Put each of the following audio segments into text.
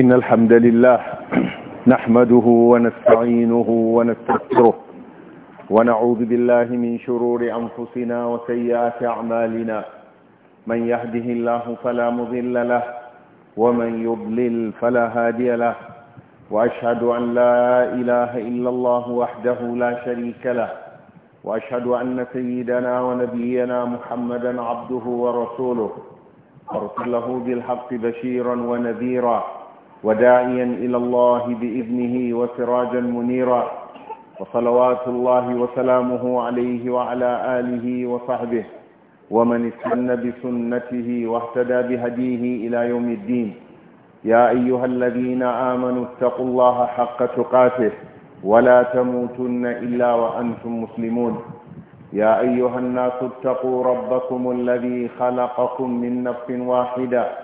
إن الحمد لله نحمده ونستعينه ونستغفره ونعوذ بالله من شرور أنفسنا وسيئات أعمالنا من يهده الله فلا مضل له ومن يضلل فلا هادي له وأشهد أن لا إله إلا الله وحده لا شريك له وأشهد أن سيدنا ونبينا محمدا عبده ورسوله أرسله بالحق بشيرا ونذيرا وداعيا إلى الله بإذنه وسراجا منيرا وصلوات الله وسلامه عليه وعلى آله وصحبه ومن استن بسنته واهتدى بهديه إلى يوم الدين يا أيها الذين آمنوا اتقوا الله حق تقاته ولا تموتن إلا وأنتم مسلمون يا أيها الناس اتقوا ربكم الذي خلقكم من نفس واحده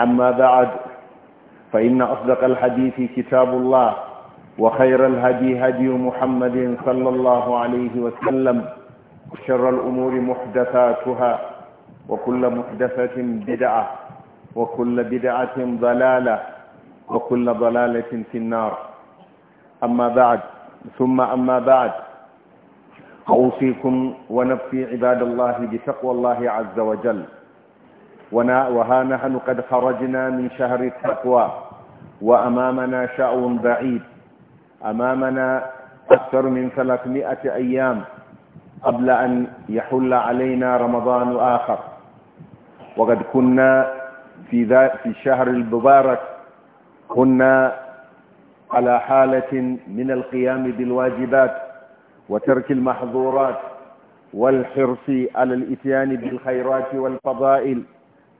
أما بعد فإن أصدق الحديث كتاب الله وخير الهدي هدي محمد صلى الله عليه وسلم وشر الأمور محدثاتها وكل محدثة بدعة وكل بدعة ضلالة وكل ضلالة في النار أما بعد ثم أما بعد أوصيكم ونفسي عباد الله بتقوى الله عز وجل وها نحن قد خرجنا من شهر التقوى وأمامنا شأو بعيد أمامنا أكثر من ثلاثمائة أيام قبل أن يحل علينا رمضان آخر وقد كنا في ذا في الشهر المبارك كنا على حالة من القيام بالواجبات وترك المحظورات والحرص على الإتيان بالخيرات والفضائل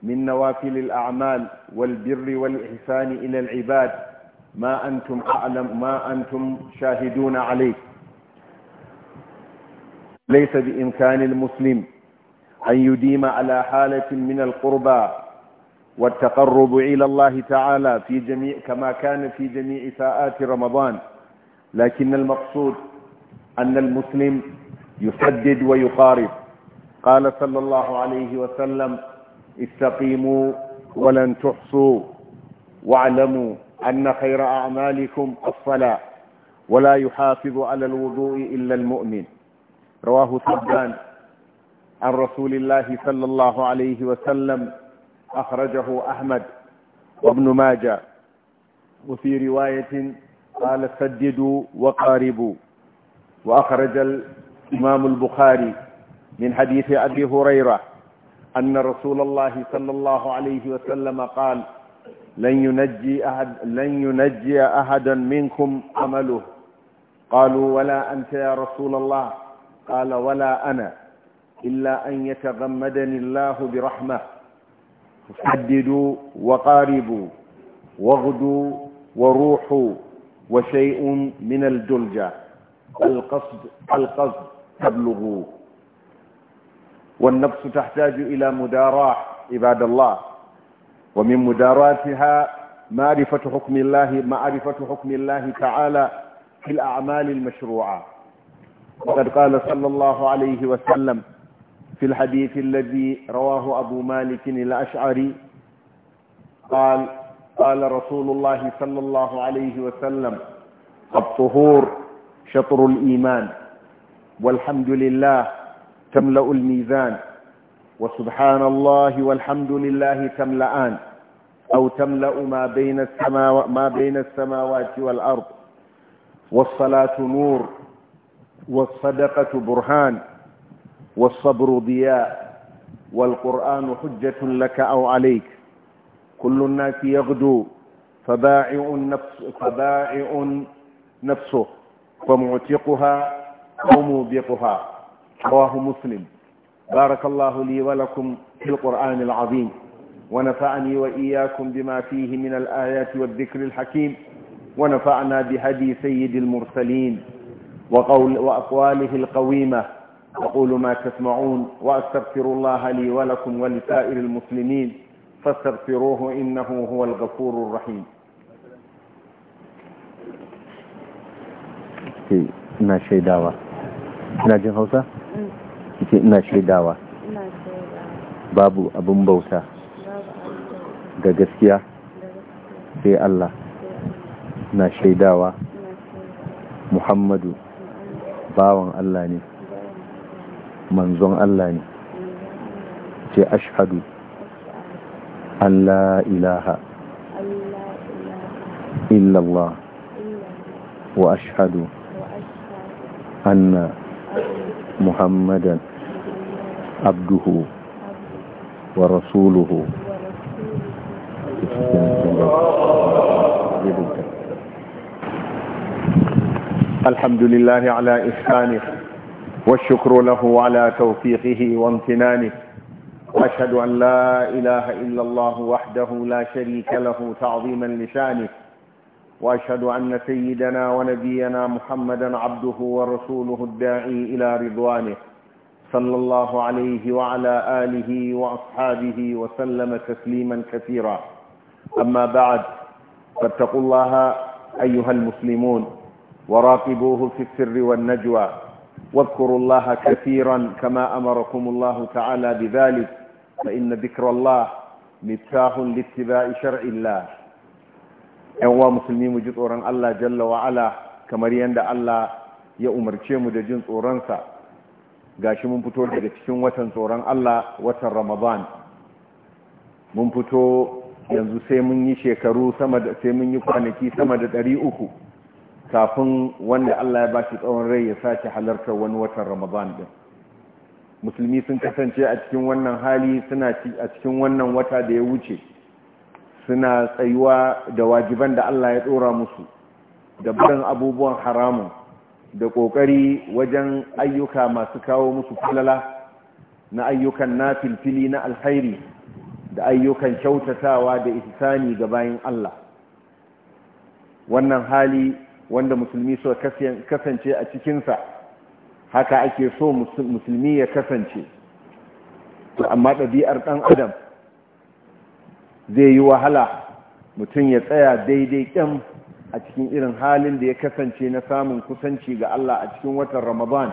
من نوافل الأعمال والبر والإحسان إلى العباد ما أنتم أعلم ما أنتم شاهدون عليه ليس بإمكان المسلم أن يديم على حالة من القربى والتقرب إلى الله تعالى في جميع كما كان في جميع ساعات رمضان لكن المقصود أن المسلم يسدد ويقارب قال صلى الله عليه وسلم استقيموا ولن تحصوا واعلموا أن خير أعمالكم الصلاة ولا يحافظ على الوضوء إلا المؤمن رواه ثبان عن رسول الله صلى الله عليه وسلم أخرجه أحمد وابن ماجه وفي رواية قال سددوا وقاربوا وأخرج الإمام البخاري من حديث أبي هريرة أن رسول الله صلى الله عليه وسلم قال لن ينجي أحد لن ينجي أحدا منكم عمله قالوا ولا أنت يا رسول الله قال ولا أنا إلا أن يتغمدني الله برحمة حددوا وقاربوا واغدوا وروحوا وشيء من الدلجة القصد القصد تبلغوا والنفس تحتاج إلى مداراة عباد الله ومن مداراتها معرفة حكم الله معرفة حكم الله تعالى في الأعمال المشروعة وقد قال صلى الله عليه وسلم في الحديث الذي رواه أبو مالك الأشعري قال قال رسول الله صلى الله عليه وسلم الطهور شطر الإيمان والحمد لله تملأ الميزان وسبحان الله والحمد لله تملأان أو تملأ ما بين, السماء ما بين السماوات والأرض والصلاة نور والصدقة برهان والصبر ضياء والقرآن حجة لك أو عليك كل الناس يغدو فبائع نفس فبائع نفسه فمعتقها أو موبقها رواه مسلم بارك الله لي ولكم في القرآن العظيم ونفعني وإياكم بما فيه من الآيات والذكر الحكيم ونفعنا بهدي سيد المرسلين وقول وأقواله القويمة أقول ما تسمعون وأستغفر الله لي ولكم ولسائر المسلمين فاستغفروه إنه هو الغفور الرحيم إيه، ما شيء دعوة لا جهوزة kike ina shaidawa babu abin bauta ga gaskiya sai Allah na shaidawa Muhammadu bawan Allah ne manzon Allah ne ce ashadu Allah ilaha illallah wa ashadu anna محمدا عبده ورسوله الحمد لله على إحسانه والشكر له على توفيقه وامتنانه أشهد أن لا إله إلا الله وحده لا شريك له تعظيما لشانه وأشهد أن سيدنا ونبينا محمدا عبده ورسوله الداعي إلى رضوانه صلى الله عليه وعلى آله وأصحابه وسلم تسليما كثيرا أما بعد فاتقوا الله أيها المسلمون وراقبوه في السر والنجوى واذكروا الله كثيرا كما أمركم الله تعالى بذلك فإن ذكر الله مفتاح لاتباع شرع الله 'yan wa musulmi mu ji tsoron Allah jalla wa'ala kamar yadda Allah ya umarce mu da jin tsoronsa gashi mun fito daga cikin watan tsoron Allah watan Ramadan mun fito yanzu sai mun yi shekaru sama da sai mun yi kwanaki sama da ɗari uku kafin wanda Allah ya bashi tsawon rai ya sake halartar wani watan Ramadan din musulmi sun kasance a cikin wannan hali suna a cikin wannan wata da ya wuce suna tsayuwa da wajiban da Allah ya ɗora musu da barin abubuwan haramun da ƙoƙari wajen ayyuka masu kawo musu falala na ayyukan na filfili na alhairi da ayyukan kyautatawa da ihsani ga bayan Allah wannan hali wanda musulmi so kasance a cikinsa haka ake so musulmi ya kasance amma ɗabi'ar ɗan adam zai yi wahala mutum ya tsaya daidai ɗan a cikin irin halin da ya kasance na samun kusanci ga Allah a cikin watan Ramadan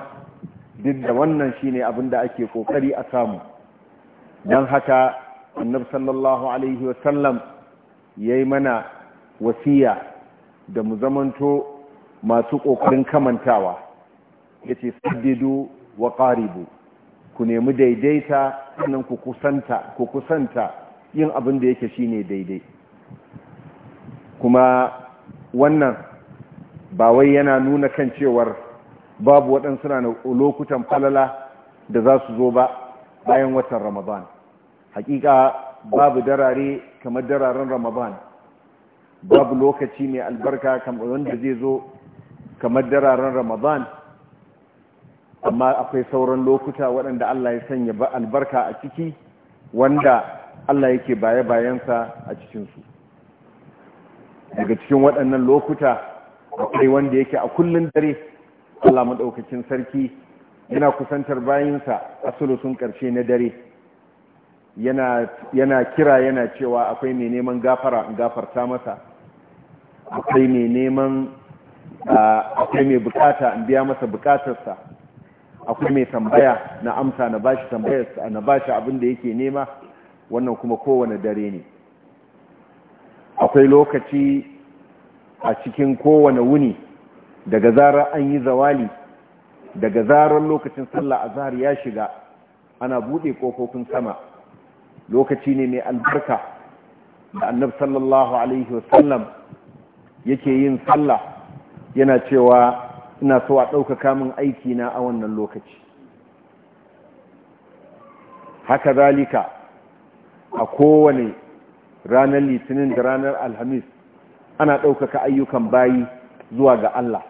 duk da wannan shine abin da ake kokari a samu don haka annabi sallallahu alaihi wasallam yi mana wasiya da mu zamanto masu ƙoƙarin kamantawa yace saddidu wa ƙaribu ku nemi daidaita sannan ku kusanta yin abin da yake shine daidai kuma wannan ba wai yana nuna kan cewar babu waɗansu na lokutan falala da za su zo ba bayan watan ramadan hakika babu darare kamar dararen ramadan babu lokaci mai albarka kamar wanda zai zo kamar dararen ramadan amma akwai sauran lokuta waɗanda Allah ya sanya albarka a ciki wanda Allah yake baye bayansa a cikinsu daga cikin waɗannan lokuta akwai wanda yake a kullun dare Allah maɗaukacin sarki yana kusantar bayinsa a sulusun ƙarshe na dare yana kira yana cewa akwai mai neman gafara gafarta masa akwai mai neman akwai mai bukata in biya masa bukatarsa akwai mai tambaya na amsa na bashi tambayarsa na bashi abin da yake nema wannan kuma kowane dare ne akwai lokaci a cikin kowane wuni daga zarar an yi zawali daga zarar lokacin sallah a azhar ya shiga ana bude kofofin sama lokaci ne mai albarka da annab sallallahu alaihi wasallam yake yin sallah yana cewa ina so a ɗaukaka min aiki na a wannan lokaci haka zalika a kowane ranar litinin da ranar alhamis ana ɗaukaka ayyukan bayi zuwa ga Allah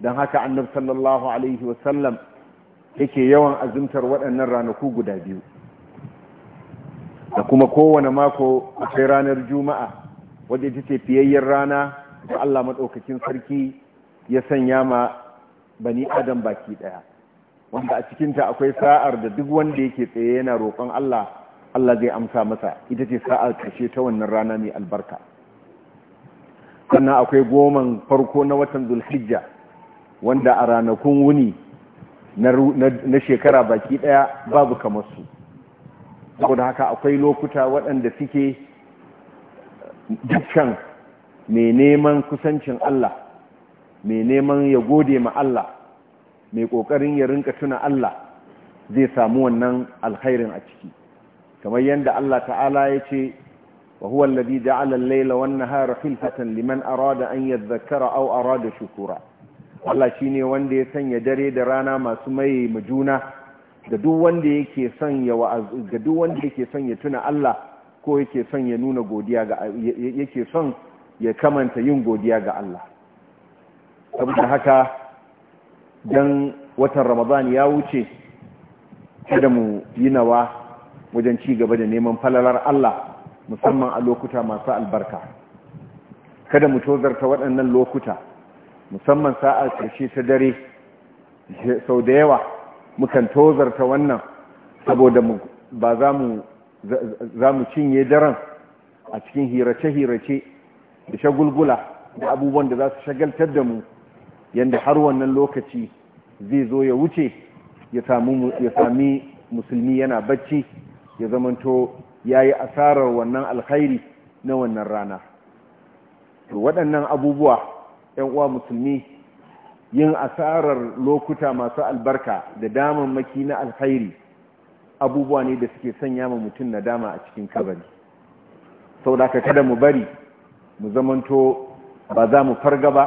don haka annab sallallahu alaihi wasallam yake yawan azumtar waɗannan ranaku guda biyu da kuma kowane mako akwai ranar juma'a wadda ita ce fiyayyen rana da Allah maɗaukakin sarki ya sanya ma bani adam baki ɗaya wanda a cikinta akwai sa'ar da duk wanda yake tsaye yana roƙon Allah Allah zai amsa masa ita ce sa'ar kashe ta wannan rana mai albarka sannan akwai goman farko na watan zulhijja wanda a ranakun wuni na shekara baki ɗaya babu kamar su saboda haka akwai lokuta waɗanda suke dukkan mai neman kusancin Allah mai neman ya gode ma Allah mai ƙoƙarin ya rinka tuna Allah zai samu wannan alkhairin a ciki kamar yadda Allah ta'ala ya ce wa huwa alladhi ja'ala al-layla wan-nahara khilfatan liman arada an yadhakkara aw arada shukura Allah shine wanda ya sanya dare da rana masu maye majuna ga duk wanda yake son ya ga duk wanda yake son ya tuna Allah ko yake son ya nuna godiya ga yake son ya kamanta yin godiya ga Allah saboda haka dan watan Ramadan ya wuce kada mu yi nawa wajen ci gaba da neman falalar Allah musamman a lokuta masu albarka kada mu tozarta waɗannan lokuta musamman sa'a ƙarshe ta dare sau da yawa mukan tozarta wannan saboda ba za mu cinye daren a cikin hirace-hirace da shagulgula da abubuwan da za su shagaltar da mu yadda har wannan lokaci zai zo ya wuce ya sami musulmi yana bacci ya zamanto ya yi asarar wannan alkhairi na wannan rana to waɗannan abubuwa ‘yan uwa musulmi yin asarar lokuta masu albarka da damammaki na alkhairi abubuwa ne da suke sanya ma mutum na dama a cikin kabari sau da kada mu bari mu zamanto ba za mu farga ba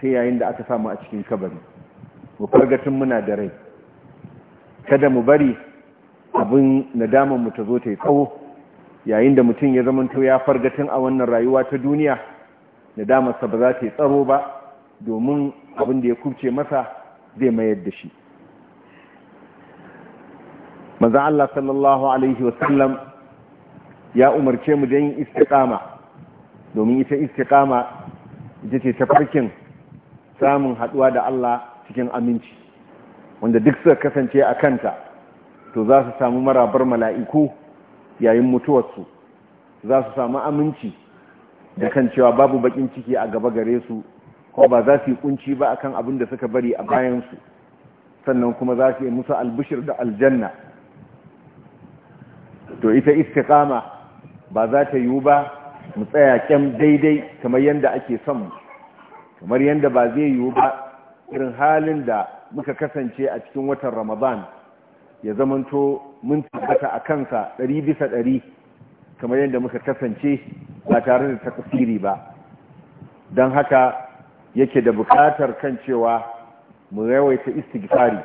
sai yayin da aka samu a cikin kabari mu fargatun muna da rai kada mu bari abin nadaman mu ta zo ta yi tsawo yayin da mutum ya zamanto ya fargatin a wannan rayuwa ta duniya nadamarsa ba za ta yi tsaro ba domin abin da ya kubce masa zai mayar da shi maza Allah sallallahu Alaihi wasallam ya umarce mu don yin istiƙama domin ita istiƙama ita ce ta farkin samun haɗuwa da Allah cikin aminci wanda duk suka kasance a kanta to za su samu marabar mala'iku yayin mutuwarsu za su samu aminci da kan cewa babu bakin ciki a gaba gare su ko ba za su yi kunci ba akan abin da suka bari a bayansu sannan kuma za su yi musu albushir da aljanna to ita istiqama ba za ta yiwu ba mu tsaya kyan daidai kamar yadda ake son kamar yadda ba zai yiwu ba irin halin da muka kasance a cikin watan ramadan ya zamanto mun tabbata a kansa ɗari bisa ɗari kamar yadda muka kasance ba tare da takasiri ba don haka yake da bukatar kan cewa mu yawaita istighfari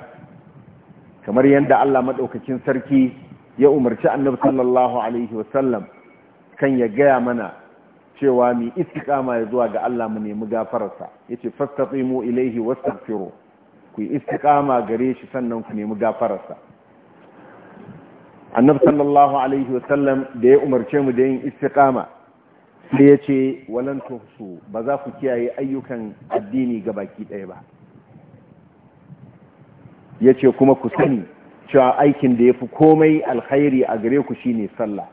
kamar yadda Allah maɗaukakin sarki ya umarci annabi sallallahu alaihi wasallam kan ya gaya mana cewa mu istiqama ya zuwa ga Allah mu nemi gafararsa yace tsimo ilaihi wastaghfiru ku yi kama gare shi sannan ku nemi gafararsa annabi sallallahu alaihi wasallam da ya umarce mu da yin istiqama sai ya ce walan tuhsu ba za ku kiyaye ayyukan addini ga baki ɗaya ba ya ce kuma ku sani cewa aikin da ya fi komai alkhairi a gare ku shine sallah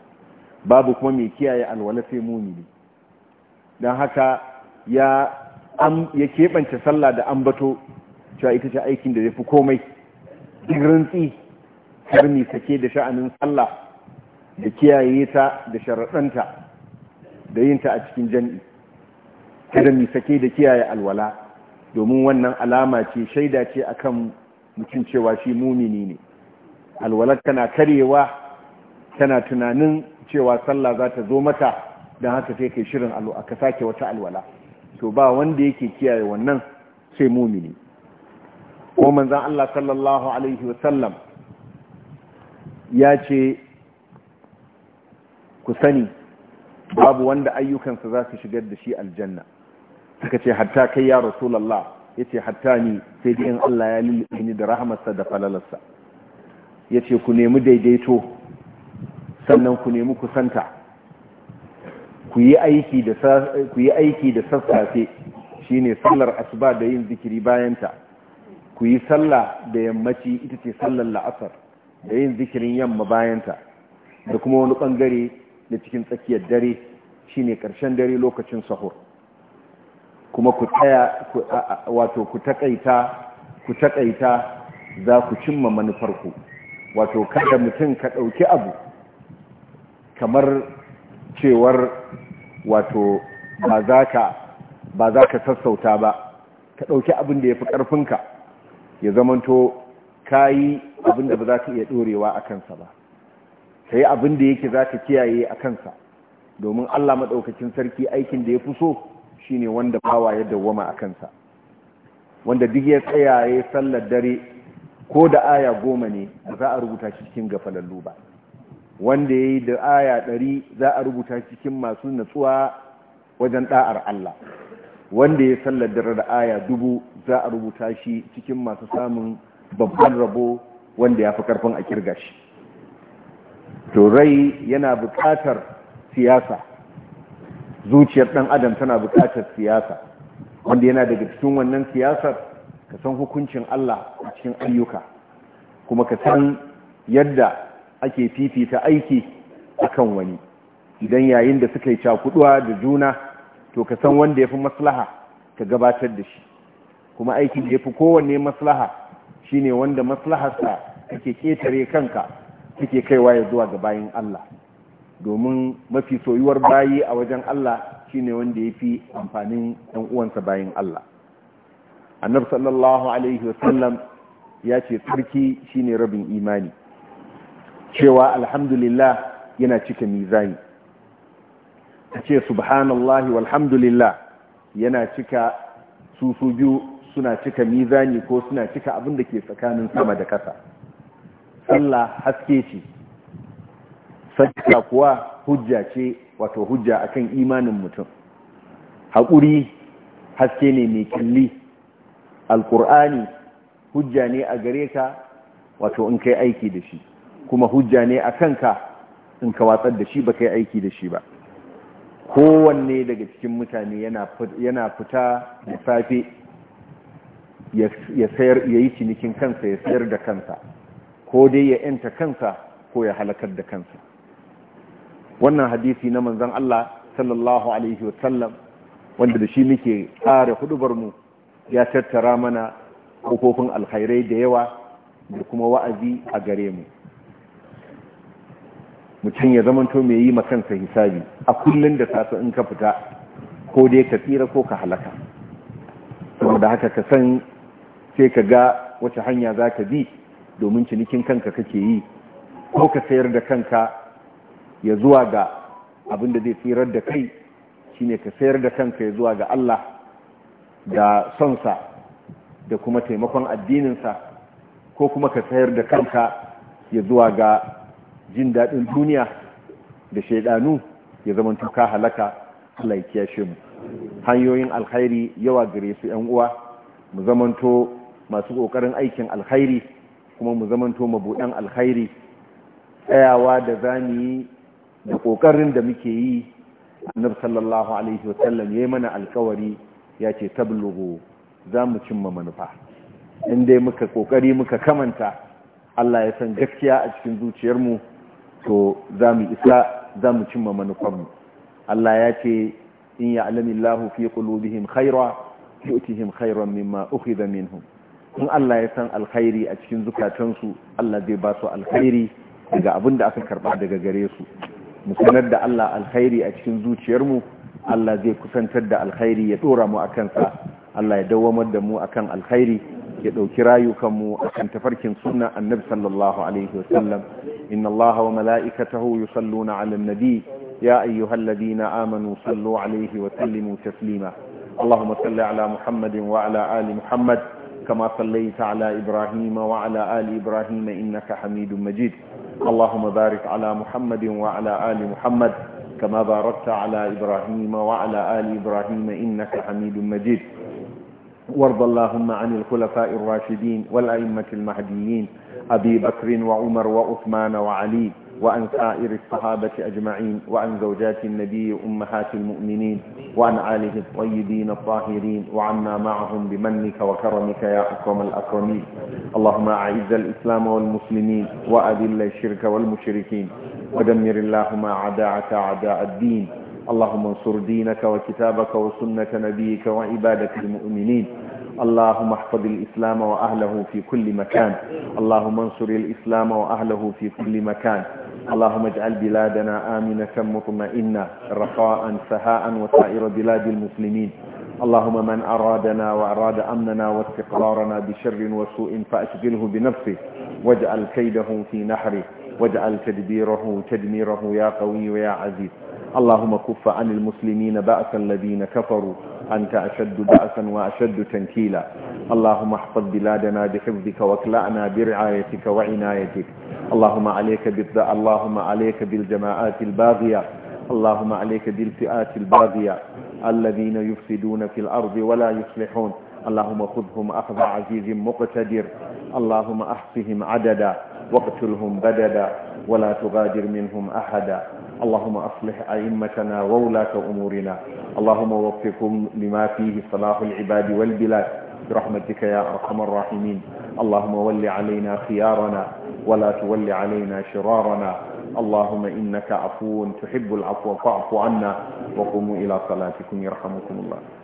babu kuma mai kiyaye alwala sai mumini don haka ya ya keɓance sallah da ambato cewa ita ce aikin da ya fi komai rintsi karmi sake da sha'anin sallah da kiyaye ta da sharaɗanta da yinta a cikin jan'i karmi sake da kiyaye alwala domin wannan alama ce shaida ce akan mutum cewa shi mumini ne Alwala tana karewa tana tunanin cewa sallah za ta zo mata don haka sai kai shirin alwa aka sake wata alwala to ba wanda yake kiyaye wannan sai mumini ko manzon Allah sallallahu alaihi wasallam ya ce ku sani babu wanda ayyukansa za su shigar da shi aljanna suka ce hatta kai ya rasulallah ya ce hatta ni sai dai in Allah ya lullu ni da rahamarsa da falalarsa ya ce ku nemi daidaito sannan ku nemi kusanta ku yi aiki da sassafe shi ne sallar asuba da yin zikiri bayanta ku yi sallah da yammaci ita ce sallar la'asar da yin zikirin yamma bayanta da kuma wani ɓangare da cikin tsakiyar dare shi ne ƙarshen dare lokacin sahur kuma ku taya wato ku taƙaita ku taƙaita za ku cimma manufarku wato kada mutum ka ɗauki abu kamar cewar wato ba za ka ba za ka sassauta ba ka ɗauki abin da ya fi ƙarfinka ya zamanto ka yi abin da ba za ka iya ɗorewa a kansa ba ka yi abin da yake za ka kiyaye a kansa domin allah maɗaukacin sarki aikin da ya fi so shi ne wanda bawa ya dawwama a kansa wanda duk ya tsaya ya sallar dare ko da aya goma ne ba za a rubuta shi cikin gafalallu ba wanda ya yi da aya ɗari za a rubuta shi cikin masu natsuwa wajen ɗa'ar Allah wanda ya sallar dare da aya dubu za a rubuta shi cikin masu samun babban rabo wanda ya fi karfin a kirga shi to yana bukatar siyasa zuciyar ɗan adam tana bukatar siyasa wanda yana daga cikin wannan siyasar ka san hukuncin Allah a cikin ayyuka kuma ka san yadda ake fifita aiki kan wani idan yayin da suka yi cakuduwa da juna to ka san wanda ya fi maslaha ka gabatar da shi kuma aikin da ya fi kowanne maslaha shine wanda maslaharsa kake ketare kanka kake kaiwa ya zuwa ga bayin Allah domin mafi soyuwar bayi a wajen Allah shine wanda yafi amfanin ɗan uwansa bayin Allah annabi sallallahu alaihi wasallam ya ce tsarki shine rabin imani cewa alhamdulillah yana cika mizani a ce subhanallahi walhamdulillah yana cika susu biyu suna cika mizani ko suna cika abin da ke tsakanin sama da ƙasa Allah haske ce sadaka kuwa hujja ce wato hujja akan imanin mutum haƙuri haske ne mai kalli alƙur'ani hujja ne a gare ka wato in kai aiki da shi kuma hujja ne a kanka in ka watsar da shi ba kai aiki da shi ba kowanne daga cikin mutane yana fita da safe ya sayar ya yi cinikin kansa ya sayar da kansa ko dai ya yanta kansa ko ya halakar da kansa wannan hadisi na manzan Allah sallallahu alaihi wasallam wanda da shi muke tsara hudubarmu ya tattara mana kofofin alkhairai da yawa da kuma wa'azi a gare mu mutum ya zamanto mai yi makansa hisabi a kullum da safe in ka fita ko dai ka tsira ko ka halaka saboda haka ka san sai ka ga wace hanya za ka bi domin cinikin kanka kake yi ko ka sayar da kanka ya zuwa ga abin da zai tsirar da kai shine ka sayar da kanka ya zuwa ga Allah da sonsa da kuma taimakon addininsa ko kuma ka sayar da kanka ya zuwa ga jin daɗin duniya da shaidanu ya zama tuka halaka Allah ya mu hanyoyin alkhairi yawa gare su 'yan uwa mu zamanto masu ƙoƙarin aikin alkhairi kuma mu zamanto mabuɗan alkhairi tsayawa da za mu yi da ƙoƙarin da muke yi annabi sallallahu alaihi wasallam yi mana alkawari ya ce tablugu za mu cimma manufa in dai muka ƙoƙari muka kamanta Allah ya san gaskiya a cikin zuciyarmu to za mu isa za mu cimma manufarmu Allah ya ce in ya alamin ya'lamillahu fi qulubihim khaira yu'tihim khairan mimma ukhidha minhum in Allah ya san alkhairi a cikin zukatansu Allah zai ba su alkhairi daga abin da aka karba daga gare su mu sanar da Allah alkhairi a cikin zuciyarmu Allah zai kusantar da alkhairi ya dora mu akan sa Allah ya dawamar da mu akan alkhairi ya dauki rayukanmu akan tafarkin sunna annabi sallallahu alaihi wasallam inna Allah wa mala'ikatahu yusalluna 'alan nabi ya ayyuhalladhina amanu sallu 'alaihi wa sallimu taslima اللهم صل على محمد وعلى آل محمد كما صليت على إبراهيم وعلى آل إبراهيم إنك حميد مجيد اللهم بارك على محمد وعلى آل محمد كما باركت على إبراهيم وعلى آل إبراهيم إنك حميد مجيد وارض اللهم عن الخلفاء الراشدين والأئمة المهديين أبي بكر وعمر وعثمان وعلي وعن سائر الصحابة أجمعين وعن زوجات النبي أمهات المؤمنين وعن آله الطيبين الطاهرين وعنا معهم بمنك وكرمك يا أكرم الأكرمين اللهم أعز الإسلام والمسلمين وأذل الشرك والمشركين ودمر اللهم أعداءك أعداء الدين اللهم انصر دينك وكتابك وسنة نبيك وعبادك المؤمنين اللهم احفظ الإسلام وأهله في كل مكان اللهم انصر الإسلام وأهله في كل مكان اللهم اجعل بلادنا آمنة مطمئنة رخاء سهاء وسائر بلاد المسلمين اللهم من أرادنا وأراد أمننا واستقرارنا بشر وسوء فأشغله بنفسه واجعل كيده في نحره واجعل تدبيره تدميره يا قوي ويا عزيز اللهم كف عن المسلمين بأس الذين كفروا أنت أشد بأسا وأشد تنكيلا اللهم احفظ بلادنا بحفظك واكلأنا برعايتك وعنايتك اللهم عليك بالذ... اللهم عليك بالجماعات الباغية اللهم عليك بالفئات الباغية الذين يفسدون في الأرض ولا يصلحون اللهم خذهم أخذ عزيز مقتدر اللهم أحصهم عددا واقتلهم بددا ولا تغادر منهم أحدا اللهم أصلح أئمتنا وولاة أمورنا اللهم وفقهم لما فيه صلاح العباد والبلاد برحمتك يا أرحم الراحمين اللهم ول علينا خيارنا ولا تول علينا شرارنا اللهم إنك عفو تحب العفو فاعف عنا وقوموا إلى صلاتكم يرحمكم الله